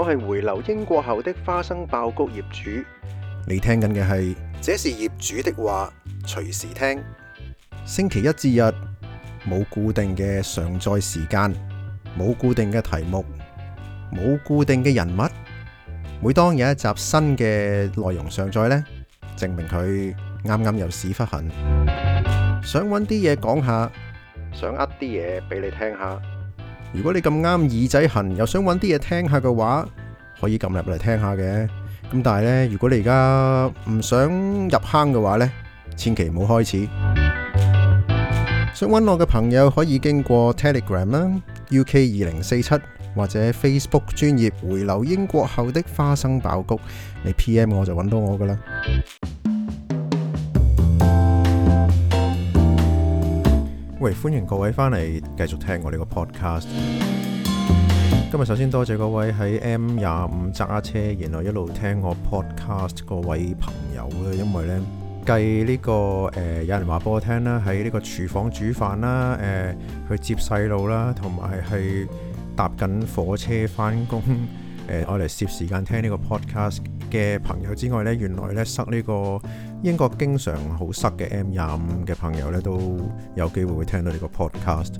我係回流英國後的花生爆谷業主，你聽緊嘅係，這是業主的話，隨時聽。星期一至日冇固定嘅上載時間，冇固定嘅題目，冇固定嘅人物。每當有一集新嘅內容上載呢，證明佢啱啱有屎忽痕，想揾啲嘢講下，想呃啲嘢俾你聽下。如果你咁啱耳仔痕，又想揾啲嘢聽下嘅話，可以撳入嚟聽下嘅。咁但係呢，如果你而家唔想入坑嘅話呢，千祈唔好開始。想揾我嘅朋友可以經過 Telegram 啦，UK 二零四七或者 Facebook 專頁回流英國後的花生爆谷，你 PM 我就揾到我噶啦。喂，歡迎各位翻嚟繼續聽我呢個 podcast。今日首先多謝各位喺 M 廿五揸車，然後一路聽我 podcast 嗰位朋友啦，因為呢計呢、這個誒、呃，有人話俾我聽啦，喺呢個廚房煮飯啦，誒、呃，去接細路啦，同埋去搭緊火車翻工。誒，我嚟攝時間聽呢個 podcast 嘅朋友之外呢，原來呢，塞呢個英國經常好塞嘅 M 廿五嘅朋友呢，都有機會會聽到呢個 podcast。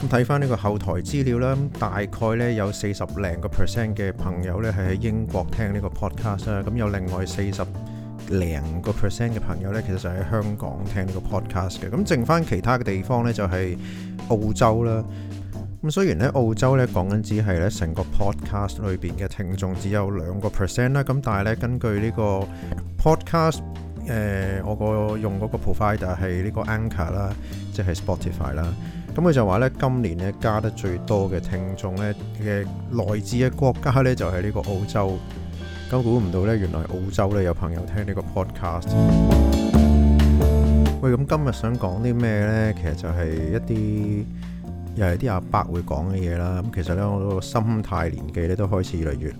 咁睇翻呢個後台資料啦，大概呢有四十零個 percent 嘅朋友呢係喺英國聽呢個 podcast 啦。咁有另外四十零個 percent 嘅朋友呢，其實就喺香港聽呢個 podcast 嘅。咁剩翻其他嘅地方呢，就係澳洲啦。咁雖然咧澳洲咧講緊只係咧成個 podcast 裏邊嘅聽眾只有兩個 percent 啦，咁但係咧根據呢個 podcast，誒、呃、我用個用嗰個 provider 係呢個 Anchor 啦，即係 Spotify 啦，咁佢就話咧今年咧加得最多嘅聽眾咧嘅來自嘅國家咧就係呢個澳洲，根本估唔到咧，原來澳洲咧有朋友聽呢個 podcast。喂，咁今日想講啲咩咧？其實就係一啲。又係啲阿伯會講嘅嘢啦，咁其實咧，我個心態年紀咧都開始越嚟越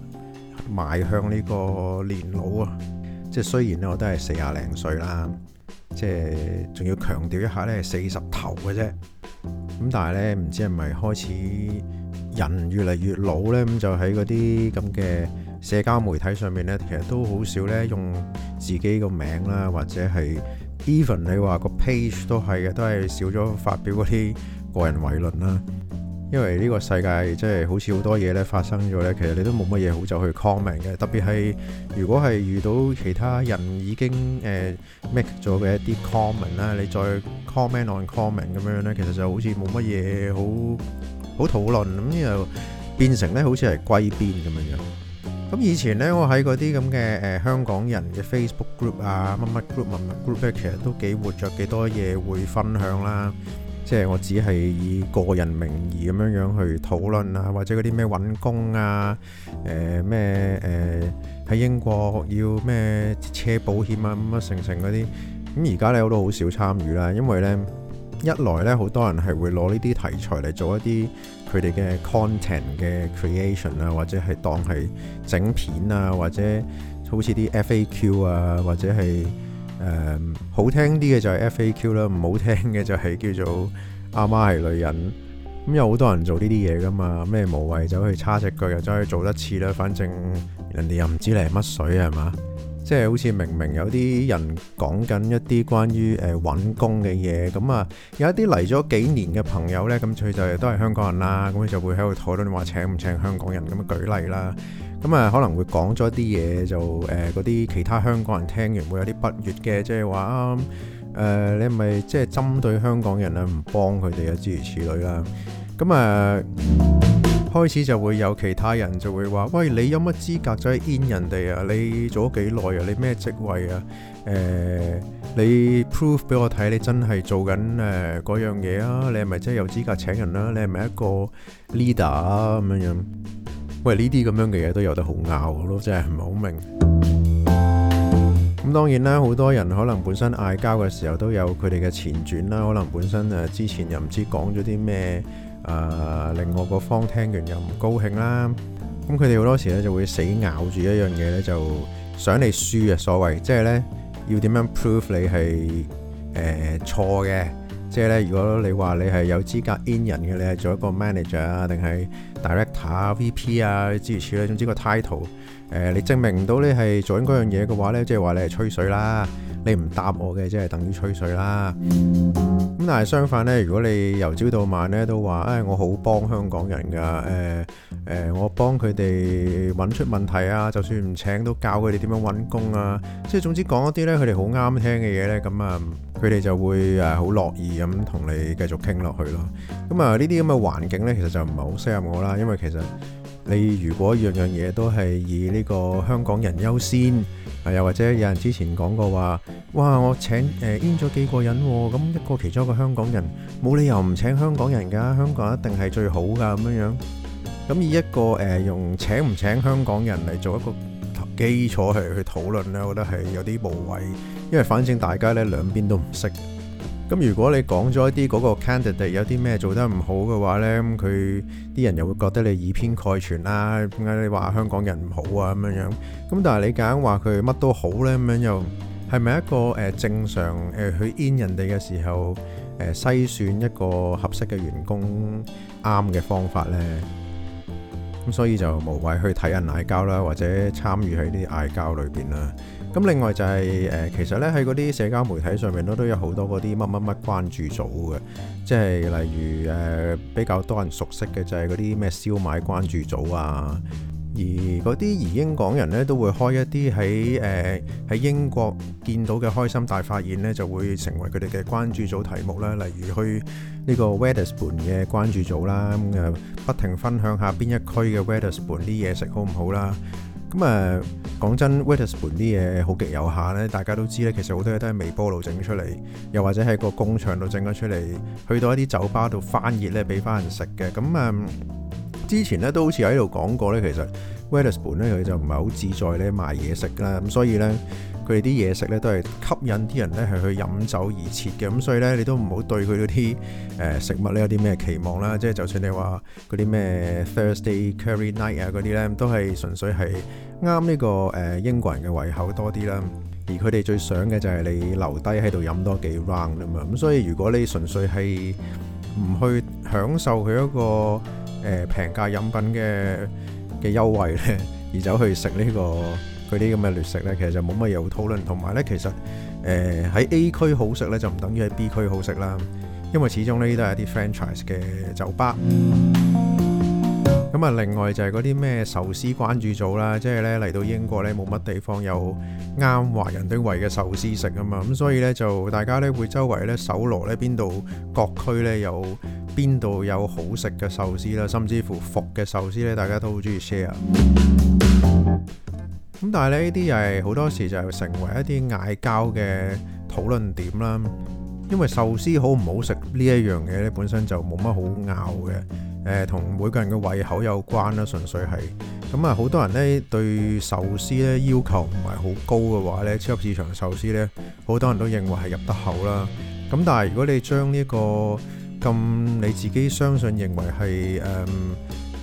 邁向呢個年老啊，即係雖然咧我都係四廿零歲啦，即係仲要強調一下咧，四十頭嘅啫。咁但係咧，唔知係咪開始人越嚟越老咧，咁就喺嗰啲咁嘅社交媒體上面咧，其實都好少咧用自己個名啦，或者係 even 你話個 page 都係嘅，都係少咗發表嗰啲。個人為論啦，因為呢個世界即係好似好多嘢咧發生咗咧，其實你都冇乜嘢好走去 comment 嘅。特別係如果係遇到其他人已經誒 make 咗嘅一啲 comment 啦，你再 comment on comment 咁樣咧，其實就好似冇乜嘢好好討論咁，又變成咧好似係歸邊咁樣樣。咁以前咧，我喺嗰啲咁嘅誒香港人嘅 Facebook group 啊，乜乜 group 物物 group 咧，其實都幾活著，幾多嘢會分享啦。即係我只係以個人名義咁樣樣去討論啊，或者嗰啲咩搵工啊，誒咩誒喺英國要咩車保險啊，咁啊成成嗰啲，咁而家咧我都好少參與啦，因為呢一來呢，好多人係會攞呢啲題材嚟做一啲佢哋嘅 content 嘅 creation 啊，或者係當係整片啊，或者好似啲 FAQ 啊，或者係。誒、嗯、好聽啲嘅就係 FAQ 啦，唔好聽嘅就係叫做阿媽係女人，咁、嗯、有好多人做呢啲嘢㗎嘛，咩無謂走去叉隻腳又走去做得似啦，反正人哋又唔知你係乜水係嘛。即係好似明明有啲人講緊一啲關於誒揾工嘅嘢，咁啊有一啲嚟咗幾年嘅朋友呢，咁佢就都係香港人啦，咁佢就會喺度討論話請唔請香港人，咁樣舉例啦，咁啊可能會講咗一啲嘢就誒，嗰啲其他香港人聽完會有啲不悅嘅，即係話誒，你係咪即係針對香港人啊？唔幫佢哋啊諸如此類啦，咁啊。開始就會有其他人就會話：喂，你有乜資格再 in 人哋啊？你做咗幾耐啊？你咩職位啊？誒、欸，你 prove 俾我睇，你真係做緊誒嗰樣嘢啊？你係咪真係有資格請人啦、啊？你係咪一個 leader 啊？咁樣樣，喂，呢啲咁樣嘅嘢都有得好拗咯，真係唔係好明。咁當然啦，好多人可能本身嗌交嘅時候都有佢哋嘅前傳啦，可能本身誒之前又唔知講咗啲咩。啊！另外個方聽完又唔高興啦。咁佢哋好多時咧就會死咬住一樣嘢咧，就想你輸啊。所謂即係咧，要點樣 prove 你係誒錯嘅？即係咧，如果你話你係有資格 in 人嘅，你係做一個 manager 啊，定係 director 啊、V.P. 啊諸如此類，總之個 title 誒、呃，你證明唔到你係做緊嗰樣嘢嘅話咧，即係話你係吹水啦。你唔答我嘅，即係等於吹水啦。咁但係相反呢，如果你由朝到晚呢都話，誒，我好幫香港人噶，誒誒，我幫佢哋搵出問題啊。就算唔請都教佢哋點樣搵工啊。即係總之講一啲呢，佢哋好啱聽嘅嘢呢，咁啊，佢哋就會誒好樂意咁同你繼續傾落去咯。咁啊，呢啲咁嘅環境呢，其實就唔係好適合我啦，因為其實。你如果樣樣嘢都係以呢個香港人優先，啊又或者有人之前講過話，哇我請誒演咗幾個人，咁一個其中一個香港人冇理由唔請香港人㗎，香港一定係最好㗎咁樣樣，咁以一個誒用請唔請香港人嚟做一個基礎去去討論咧，我覺得係有啲無謂，因為反正大家咧兩邊都唔識。咁如果你講咗一啲嗰個 candidate 有啲咩做得唔好嘅話呢，咁佢啲人又會覺得你以偏概全啦。點解你話香港人唔好啊？咁樣樣。咁但係你揀話佢乜都好呢，咁樣又係咪一個誒正常誒去 in 人哋嘅時候誒篩選一個合適嘅員工啱嘅方法呢？咁所以就無謂去睇人嗌交啦，或者參與喺啲嗌交裏邊啦。咁另外就係誒，其實咧喺嗰啲社交媒體上面都都有好多嗰啲乜乜乜關注組嘅，即係例如誒比較多人熟悉嘅就係嗰啲咩燒賣關注組啊，而嗰啲移英港人咧都會開一啲喺誒喺英國見到嘅開心大發現咧，就會成為佢哋嘅關注組題目啦。例如去呢個 Wetherspoon 嘅關注組啦，咁誒不停分享下邊一區嘅 Wetherspoon 啲嘢食好唔好啦。咁誒講真，Waterspoon 啲嘢好極有限咧，大家都知咧，其實好多嘢都係微波爐整出嚟，又或者喺個工場度整咗出嚟，去到一啲酒吧度翻熱咧，俾翻人食嘅。咁誒，之前咧都好似喺度講過咧，其實 Waterspoon 咧佢就唔係好自在咧賣嘢食啦，咁所以咧。佢哋啲嘢食咧都係吸引啲人咧係去飲酒而設嘅，咁所以咧你都唔好對佢嗰啲誒食物咧有啲咩期望啦。即係就算你話嗰啲咩 Thursday curry night 啊嗰啲咧，都係純粹係啱呢個誒英國人嘅胃口多啲啦。而佢哋最想嘅就係你留低喺度飲多幾 round 咁樣。咁所以如果你純粹係唔去享受佢一個誒平價飲品嘅嘅優惠咧，而走去食呢個。佢啲咁嘅劣食咧，其實就冇乜嘢好討論。同埋咧，其實誒喺 A 區好食咧，就唔等於喺 B 區好食啦。因為始終呢啲都係一啲 franchise 嘅酒吧。咁啊，另外就係嗰啲咩壽司關注組啦，即係咧嚟到英國咧冇乜地方有啱華人嘅胃嘅壽司食啊嘛。咁所以咧就大家咧會周圍咧搜羅咧邊度各區咧有邊度有好食嘅壽司啦，甚至乎福嘅壽司咧，大家都好中意 share。咁但係呢，呢啲又係好多時就係成為一啲嗌交嘅討論點啦，因為壽司好唔好食呢一樣嘢，呢本身就冇乜好拗嘅，誒，同每個人嘅胃口有關啦，純粹係。咁啊，好多人呢對壽司呢要求唔係好高嘅話呢，超級市場壽司呢，好多人都認為係入得口啦。咁但係如果你將呢個咁你自己相信認為係誒，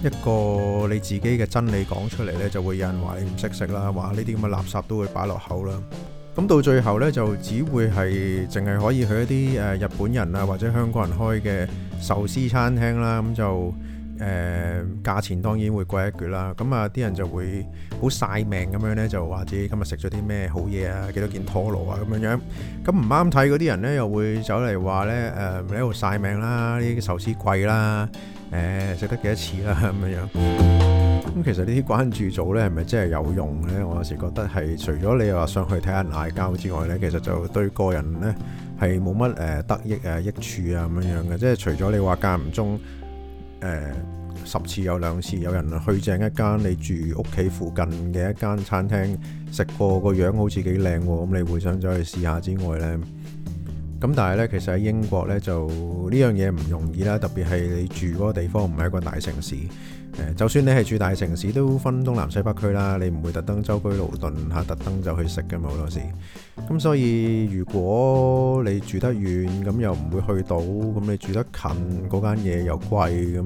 一個你自己嘅真理講出嚟呢，就會有人話你唔識食啦，話呢啲咁嘅垃圾都會擺落口啦。咁到最後呢，就只會係淨係可以去一啲誒日本人啊或者香港人開嘅壽司餐廳啦。咁就誒、呃、價錢當然會貴一橛啦。咁啊啲人就會好晒命咁樣呢，就話自己今日食咗啲咩好嘢啊，幾多件拖羅啊咁樣樣。咁唔啱睇嗰啲人呢，又會走嚟話呢誒喺度晒命啦，呢啲壽司貴啦。誒食、欸、得幾多次啦咁樣樣，咁 其實呢啲關注組呢，係咪真係有用呢？我有時覺得係除咗你話上去睇人嗌交之外呢，其實就對個人呢，係冇乜誒得益啊、益處啊咁樣樣嘅，即係除咗你話間唔中誒、呃、十次有兩次有人去正一間你住屋企附近嘅一間餐廳食過，個樣好似幾靚喎，咁你會想再去試下之外呢？咁但係咧，其實喺英國咧就呢樣嘢唔容易啦。特別係你住嗰個地方唔係一個大城市，誒，就算你係住大城市都分東南西北區啦。你唔會特登舟車勞頓下，特登就去食嘅嘛好多時。咁所以如果你住得遠，咁又唔會去到，咁你住得近嗰間嘢又貴，咁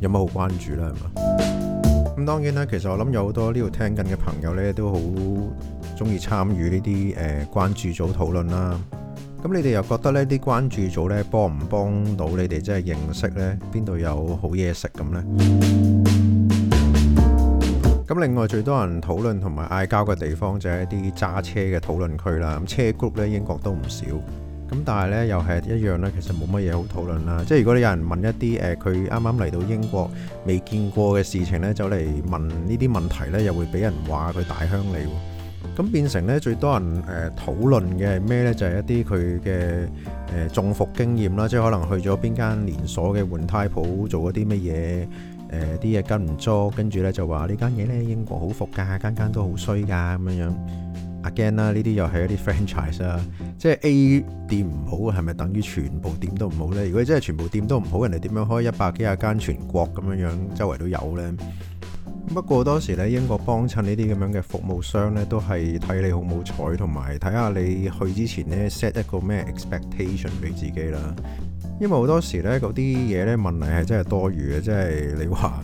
有乜好關注咧？係嘛？咁當然咧，其實我諗有好多呢度聽緊嘅朋友咧，都好中意參與呢啲誒關注組討論啦。咁你哋又覺得呢啲關注組呢幫唔幫到你哋？即係認識呢邊度有好嘢食咁呢？咁另外最多人討論同埋嗌交嘅地方就係一啲揸車嘅討論區啦。咁車 group 呢英國都唔少，咁但係呢又係一樣呢，其實冇乜嘢好討論啦。即係如果你有人問一啲誒佢啱啱嚟到英國未見過嘅事情呢，走嚟問呢啲問題呢，又會俾人話佢大鄉里。咁變成咧最多人誒、呃、討論嘅係咩咧？就係、是、一啲佢嘅誒中伏經驗啦，即係可能去咗邊間連鎖嘅換胎鋪做嗰啲乜嘢？誒啲嘢跟唔足，跟住咧就話呢間嘢咧英國好服㗎，間間都好衰㗎咁樣樣。Again 啦，呢啲又係一啲 franchise 啦、啊，即係 A 店唔好係咪等於全部店都唔好咧？如果真係全部店都唔好，人哋點樣開一百幾廿間全國咁樣樣，周圍都有咧？不過當時咧，英國幫襯呢啲咁樣嘅服務商咧，都係睇你好冇彩，同埋睇下你去之前咧 set 一個咩 expectation 俾自己啦。因為好多時咧，嗰啲嘢咧問題係真係多餘嘅，即係你話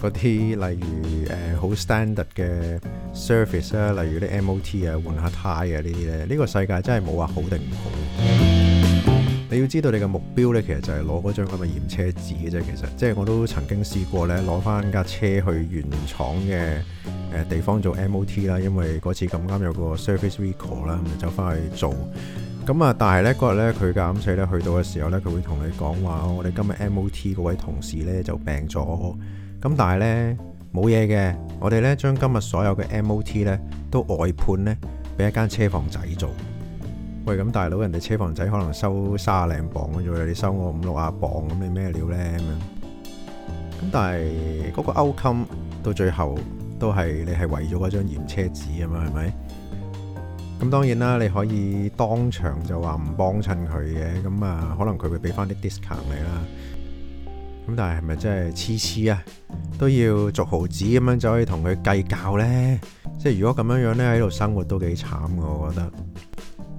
嗰啲例如誒好、呃、standard 嘅 service 啊，例如啲 M O T 啊，換下胎啊呢啲咧，呢、呢個世界真係冇話好定唔好。你要知道你嘅目標呢，其實就係攞嗰張咁嘅驗車紙嘅啫。其實，即係我都曾經試過呢，攞翻架車去原廠嘅誒地方做 MOT 啦。因為嗰次咁啱有個 service recall 啦，咁就翻去做。咁啊，但係呢嗰日呢，佢嘅四咧去到嘅時候呢，佢會同你講話，我哋今日 MOT 嗰位同事呢就病咗。咁但係呢，冇嘢嘅，我哋呢將今日所有嘅 MOT 呢都外判呢，俾一間車房仔做。喂，咁大佬，人哋車房仔可能收三十零磅嘅啫喎，你收我五六啊磅，咁你咩料呢？咁樣咁，但係嗰個 outcome 到最後都係你係為咗嗰張驗車紙啊嘛，係咪？咁當然啦，你可以當場就話唔幫襯佢嘅，咁啊，可能佢會俾翻啲 discount 你啦。咁但係係咪真係黐黐啊？都要逐毫子咁樣就可以同佢計較呢？即係如果咁樣樣呢，喺度生活都幾慘嘅，我覺得。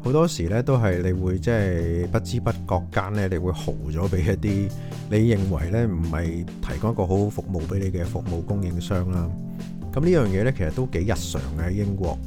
好多時咧都係你會即係不知不覺間咧，你會豪咗俾一啲你認為咧唔係提供一個好好服務俾你嘅服務供應商啦。咁呢樣嘢咧，其實都幾日常嘅喺英國。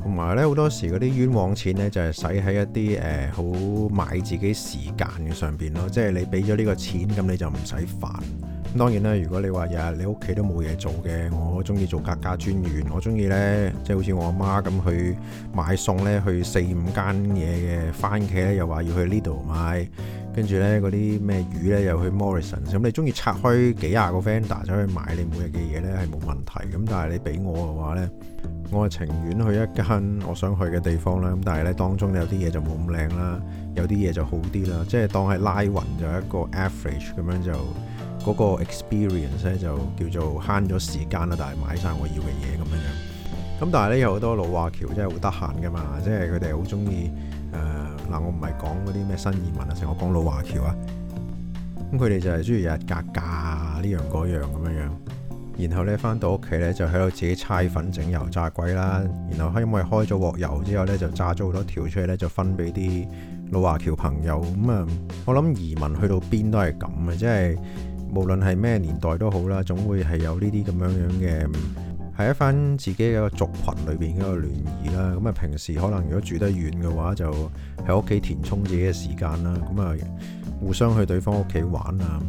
同埋咧，好多時嗰啲冤枉錢咧就係使喺一啲誒、呃、好買自己時間嘅上邊咯。即係你俾咗呢個錢，咁你就唔使煩。當然啦，如果你話日日你屋企都冇嘢做嘅，我中意做格價專員。我中意呢，即係好似我阿媽咁去買餸咧，去四五間嘢嘅番茄呢，又話要去呢度買，跟住呢，嗰啲咩魚呢，又去 Morrisons、嗯。咁你中意拆開幾廿個 vendor 走去買你每日嘅嘢呢，係冇問題。咁但係你俾我嘅話呢，我係情願去一間我想去嘅地方啦。咁但係呢，當中有啲嘢就冇咁靚啦，有啲嘢就好啲啦，即係當係拉勻就一個 average 咁樣就。嗰個 experience 咧就叫做慳咗時間啦，但係買晒我要嘅嘢咁樣樣。咁但係咧，有好多老華僑真係好得閒㗎嘛，即係佢哋好中意誒嗱。我唔係講嗰啲咩新移民啊，成日講老華僑啊。咁佢哋就係中意日日格價呢樣嗰樣咁樣樣。然後咧，翻到屋企咧就喺度自己搓粉整油炸鬼啦。然後因為開咗鑊油之後咧就炸咗好多條出嚟咧，就分俾啲老華僑朋友咁啊、嗯。我諗移民去到邊都係咁嘅，即係。無論係咩年代都好啦，總會係有呢啲咁樣樣嘅，喺一翻自己嘅族群裏邊嗰個聯誼啦。咁啊，平時可能如果住得遠嘅話，就喺屋企填充自己嘅時間啦。咁啊，互相去對方屋企玩啊。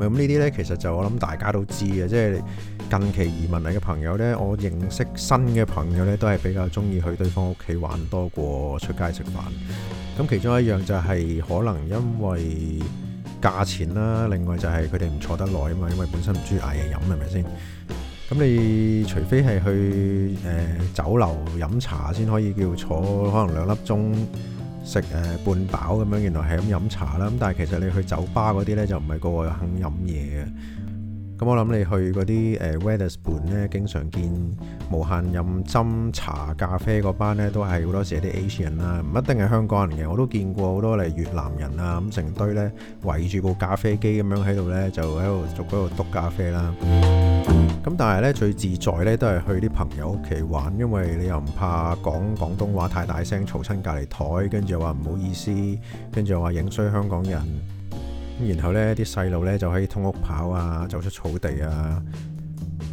咁呢啲呢，其實就我諗大家都知嘅，即係近期移民嚟嘅朋友呢，我認識新嘅朋友呢，都係比較中意去對方屋企玩多過出街食飯。咁其中一樣就係可能因為。價錢啦，另外就係佢哋唔坐得耐啊嘛，因為本身唔中意嗌嘢飲，係咪先？咁你除非係去誒、呃、酒樓飲茶先可以叫坐，可能兩粒鐘食誒半飽咁樣，原來係咁飲茶啦。咁但係其實你去酒吧嗰啲咧就唔係個個肯飲嘢嘅。咁、嗯、我諗你去嗰啲誒 Wetherspoon 咧，經常見無限飲斟茶咖啡嗰班咧，都係好多時啲 Asian 啦，唔一定係香港人嘅，我都見過好多嚟越南人啊，咁、嗯、成堆咧圍住部咖啡機咁樣喺度咧，就喺度做嗰度篤咖啡啦。咁、嗯、但係咧最自在咧都係去啲朋友屋企玩，因為你又唔怕講廣東話太大聲嘈親隔離台，跟住又話唔好意思，跟住又話影衰香港人。然後呢啲細路呢，就可以通屋跑啊，走出草地啊，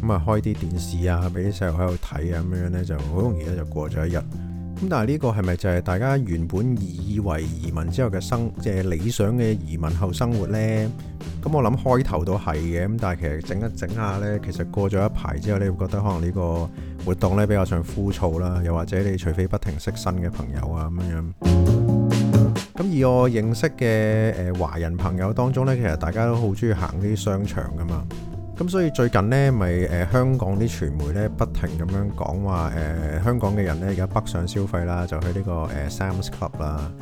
咁、嗯、啊開啲電視啊，俾啲細路喺度睇啊，咁樣呢就好容易咧就過咗一日。咁但係呢個係咪就係大家原本以為移民之後嘅生即係理想嘅移民後生活呢？咁、嗯、我諗開頭都係嘅，咁但係其實整一整一下呢，其實過咗一排之後，你會覺得可能呢個活動呢比較上枯燥啦，又或者你除非不停識新嘅朋友啊，咁樣。咁而我認識嘅誒、呃、華人朋友當中呢，其實大家都好鍾意行啲商場噶嘛。咁所以最近呢，咪、呃、誒香港啲傳媒呢，不停咁樣講話誒香港嘅人呢，而家北上消費啦，就去呢、這個誒、呃、Sam’s Club 啦。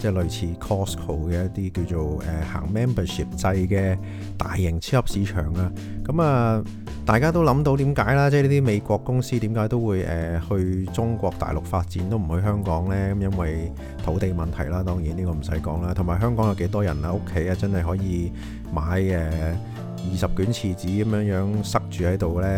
即係類似 Costco 嘅一啲叫做誒、呃、行 membership 制嘅大型超級市場啊，咁啊，大家都諗到點解啦？即係呢啲美國公司點解都會誒、呃、去中國大陸發展，都唔去香港呢？咁因為土地問題啦，當然呢個唔使講啦。同埋香港有幾多人喺屋企啊，真係可以買誒二十卷廁紙紙咁樣樣塞住喺度呢。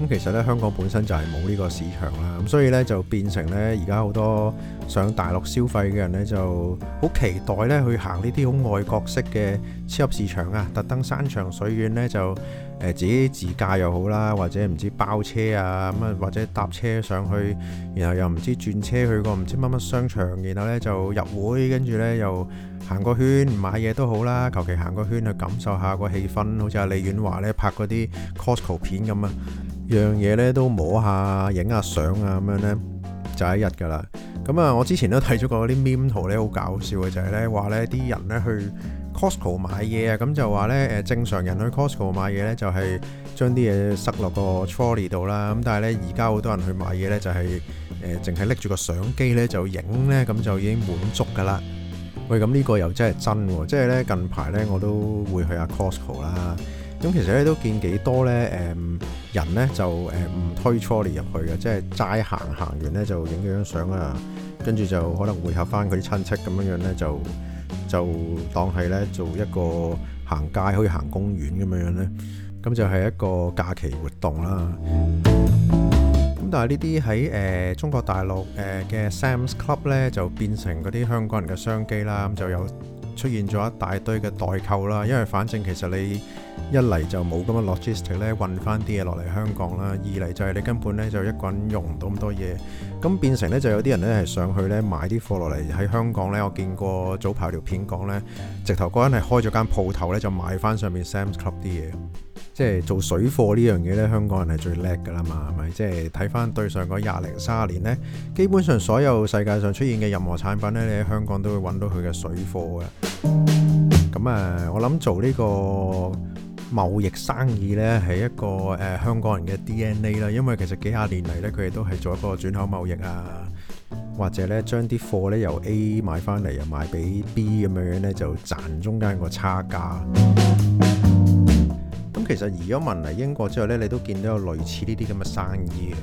咁其實咧，香港本身就係冇呢個市場啦，咁所以咧就變成咧，而家好多上大陸消費嘅人咧，就好期待咧去行呢啲好外國式嘅超級市場啊，特登山長水遠咧就～誒自己自駕又好啦，或者唔知包車啊咁啊，或者搭車上去，然後又唔知轉車去個唔知乜乜商場，然後呢就入會，跟住呢又行個圈，買嘢都好啦，求其行個圈去感受下個氣氛，好似阿李婉華呢拍嗰啲 Costco 片咁啊，樣嘢呢都摸下、影下相啊咁樣呢就一日噶啦。咁啊，我之前都睇咗個啲 meme 圖咧，好搞笑嘅就係呢話呢啲人呢去。Costco 買嘢啊，咁就話咧，誒、呃、正常人去 Costco 買嘢咧，就係將啲嘢塞落個 trolley 度啦。咁但係咧，而家好多人去買嘢咧，就係誒淨係拎住個相機咧就影咧，咁就已經滿足㗎啦。喂，咁呢個又真係真喎，即係咧近排咧我都會去下 Costco 啦。咁、嗯、其實咧都見幾多咧誒、呃、人咧就誒唔、呃、推 trolley 入去嘅，即係齋行行完咧就影咗張相啊，跟住就可能會合翻佢啲親戚咁樣樣咧就。就當係咧做一個行街，可以行公園咁樣樣咧，咁就係一個假期活動啦。咁但係呢啲喺誒中國大陸誒嘅 Sam's Club 咧，就變成嗰啲香港人嘅商機啦。咁就有出現咗一大堆嘅代購啦，因為反正其實你。一嚟就冇咁嘅 logistic 咧運翻啲嘢落嚟香港啦，二嚟就係你根本咧就一個人用唔到咁多嘢，咁變成咧就有啲人咧係上去咧買啲貨落嚟喺香港咧。我見過早排條片講咧，直頭嗰人係開咗間鋪頭咧就買翻上面 Sam's Club 啲嘢，即係做水貨呢樣嘢咧，香港人係最叻噶啦嘛，係咪？即係睇翻對上個廿零卅年咧，基本上所有世界上出現嘅任何產品咧，你喺香港都會揾到佢嘅水貨嘅。咁啊，我諗做呢個貿易生意呢係一個誒、呃、香港人嘅 DNA 啦，因為其實幾廿年嚟呢，佢哋都係做一個轉口貿易啊，或者呢將啲貨呢由 A 買翻嚟又賣俾 B 咁樣呢，就賺中間個差價。咁 其實移咗民嚟英國之後呢，你都見到有類似呢啲咁嘅生意嘅。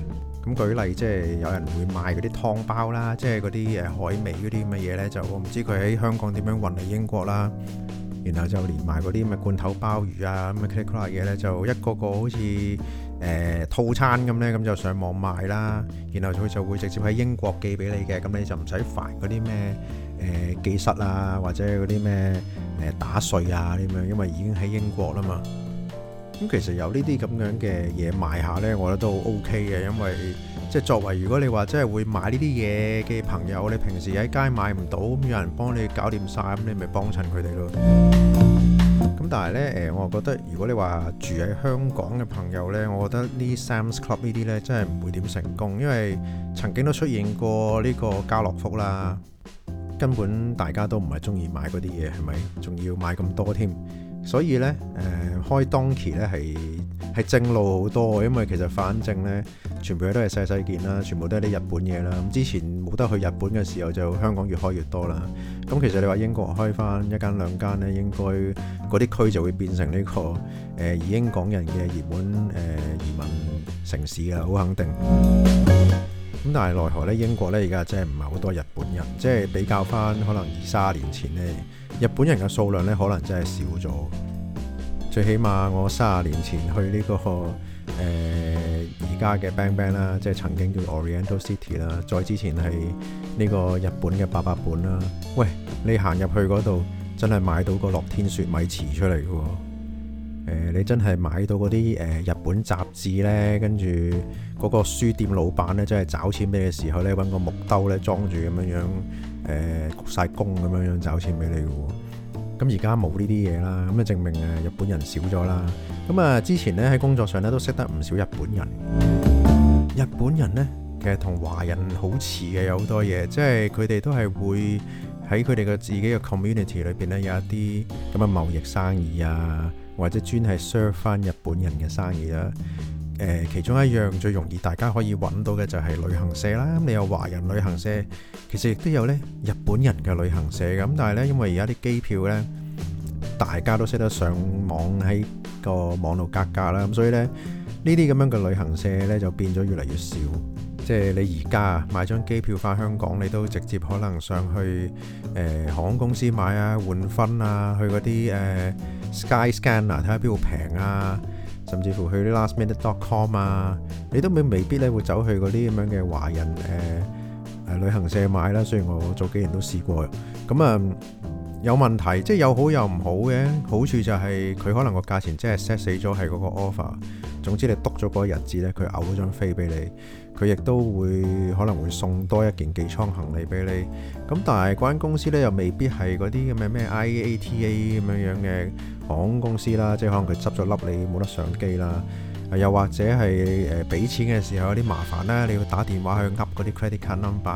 咁舉例即係有人會賣嗰啲湯包啦，即係嗰啲誒海味嗰啲咁嘅嘢呢，就我唔知佢喺香港點樣運嚟英國啦。然後就連埋嗰啲咩罐頭鮑魚啊咁嘅 click 嘢咧，就一個個好似誒、呃、套餐咁咧，咁就上網買啦。然後佢就會直接喺英國寄俾你嘅，咁你就唔使煩嗰啲咩誒寄失啊，或者嗰啲咩誒打碎啊咁樣，因為已經喺英國啦嘛。咁其實有呢啲咁樣嘅嘢賣下呢，我覺得都 OK 嘅，因為即係作為如果你話真係會買呢啲嘢嘅朋友，你平時喺街買唔到，咁有人幫你搞掂晒，咁你咪幫襯佢哋咯。咁但係呢，誒，我覺得如果你話住喺香港嘅朋友呢，我覺得呢 Sam’s Club 呢啲呢真係唔會點成功，因為曾經都出現過呢個家樂福啦，根本大家都唔係鍾意買嗰啲嘢，係咪？仲要買咁多添？所以咧，誒、呃、開 Donki 咧，係係正路好多，因為其實反正咧，全部嘢都係細細件啦，全部都係啲日本嘢啦。咁之前冇得去日本嘅時候就，就香港越開越多啦。咁、嗯、其實你話英國開翻一間兩間咧，應該嗰啲區就會變成呢、呢個誒以、呃、英港人嘅熱門誒移民城市嘅，好肯定。咁、嗯、但係奈何咧，英國咧而家真係唔係好多日本人，即係比較翻可能二三十年前咧。日本人嘅數量咧，可能真係少咗。最起碼我卅年前去呢、呢個誒而家嘅 BangBang 啦，呃、Bang，即係曾經叫 Oriental City 啦，再之前係呢個日本嘅八百伴啦。喂，你行入去嗰度，真係買到個樂天雪米糍出嚟嘅喎。你真係買到嗰啲誒日本雜誌呢？跟住嗰個書店老闆呢，真係找錢俾你嘅時候呢，揾個木兜呢裝住咁樣樣。誒焗曬工咁樣樣，找錢俾你嘅喎。咁而家冇呢啲嘢啦，咁就證明誒日本人少咗啦。咁啊，之前咧喺工作上咧都識得唔少日本人。日本人咧其實同華人好似嘅，有好多嘢，即係佢哋都係會喺佢哋嘅自己嘅 community 裏邊咧有一啲咁嘅貿易生意啊，或者專係 serve 翻日本人嘅生意啦。誒其中一樣最容易大家可以揾到嘅就係旅行社啦，咁你有華人旅行社，其實亦都有咧日本人嘅旅行社咁，但係咧因為而家啲機票咧大家都識得上網喺個網度格價啦，咁所以咧呢啲咁樣嘅旅行社咧就變咗越嚟越少，即係你而家買張機票返香港，你都直接可能上去誒航空公司買啊，換分啊，去嗰啲誒 Sky Scanner 睇下邊度平啊。甚至乎去 lastminute.com 啊，你都未未必咧會走去嗰啲咁樣嘅華人誒誒旅行社買啦。雖然我早幾年都試過，咁啊有問題，即係有好有唔好嘅。好處就係佢可能個價錢真係 set 死咗係嗰個 offer。總之你篤咗嗰個日子咧，佢嘔咗張飛俾你，佢亦都會可能會送多一件寄倉行李俾你。咁但係嗰間公司咧又未必係嗰啲咁嘅咩 IATA 咁樣樣嘅。航空公司啦，即係可能佢執咗笠你冇得上機啦，又或者係誒俾錢嘅時候有啲麻煩啦，你要打電話去噏嗰啲 credit card number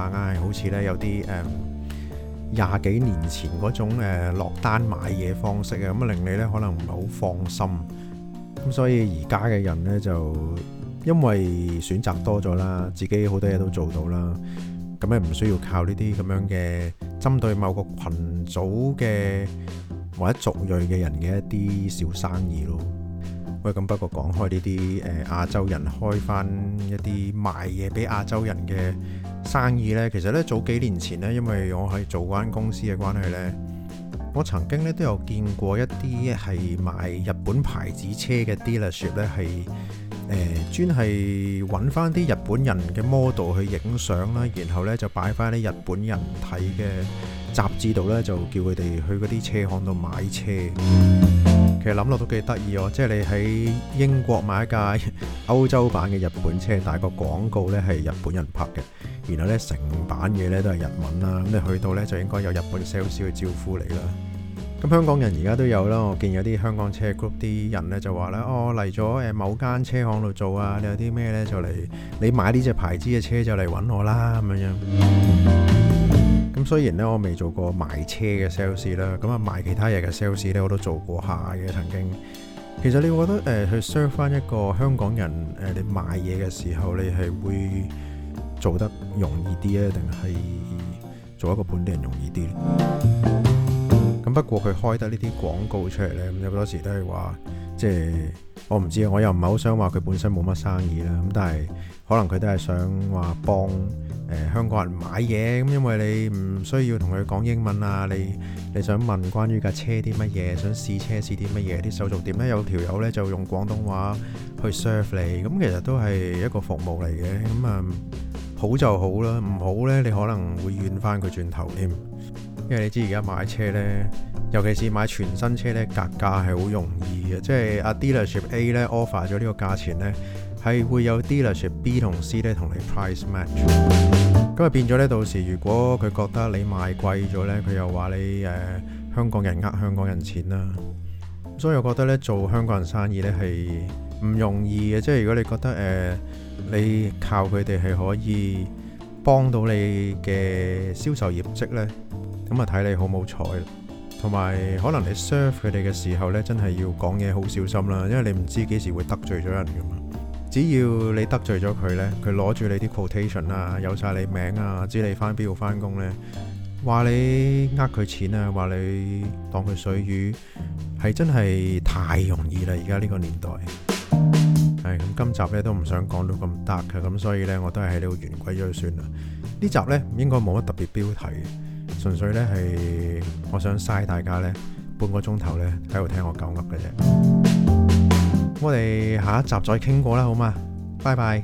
或者族裔嘅人嘅一啲小生意咯，喂，咁不過講開呢啲誒亞洲人開翻一啲賣嘢俾亞洲人嘅生意咧，其實咧早幾年前咧，因為我係做間公司嘅關係咧，我曾經咧都有見過一啲係賣日本牌子車嘅 dealership 咧係。誒、欸、專係揾翻啲日本人嘅 model 去影相啦，然後呢就擺翻啲日本人睇嘅雜誌度呢，就叫佢哋去嗰啲車行度買車。其實諗落都幾得意喎，即係你喺英國買一架歐洲版嘅日本車，但係個廣告呢係日本人拍嘅，然後呢，成版嘢呢都係日文啦。咁你去到呢，就應該有日本 sales 去招呼你啦。咁香港人而家都有啦，我見有啲香港車 group 啲人咧就話咧，哦嚟咗誒某間車行度做啊，你有啲咩咧就嚟，你買呢隻牌子嘅車就嚟揾我啦咁樣樣。咁雖然咧我未做過賣車嘅 sales 啦，咁啊賣其他嘢嘅 sales 咧我都做過下嘅，曾經。其實你會覺得誒去 serve 翻一個香港人誒你買嘢嘅時候，你係會做得容易啲啊，定係做一個本地人容易啲？不過佢開得呢啲廣告出嚟呢咁有好多時都係話，即係我唔知，我又唔係好想話佢本身冇乜生意啦。咁但係可能佢都係想話幫誒、呃、香港人買嘢，咁因為你唔需要同佢講英文啊，你你想問關於架車啲乜嘢，想試車試啲乜嘢，啲手續點呢？有條友呢就用廣東話去 serve 你，咁其實都係一個服務嚟嘅。咁、嗯、啊好就好啦，唔好呢，你可能會怨返佢轉頭添。因為你知而家買車呢，尤其是買全新車呢，格價係好容易嘅。即係阿 dealership A 呢 offer 咗呢個價錢呢，係會有 dealership B 同 C 呢同你 price match、嗯。咁啊變咗呢，到時如果佢覺得你賣貴咗呢，佢又話你誒、呃、香港人呃香港人錢啦。所以我覺得呢，做香港人生意呢係唔容易嘅。即係如果你覺得誒、呃、你靠佢哋係可以幫到你嘅銷售業績呢。咁啊，睇你好冇彩，同埋可能你 serve 佢哋嘅時候咧，真係要講嘢好小心啦。因為你唔知幾時會得罪咗人噶嘛。只要你得罪咗佢咧，佢攞住你啲 quotation 啊，有晒你名啊，知你翻邊度翻工咧，話你呃佢錢啊，話你當佢水魚，係真係太容易啦。而家呢個年代係咁，今集咧都唔想講到咁得噶，咁所以咧我都係喺呢度圓軌咗佢算啦。呢集咧應該冇乜特別標題。純粹呢係我想嘥大家呢半個鐘頭呢喺度聽我講噏嘅啫， 我哋下一集再傾過啦，好嘛？拜拜。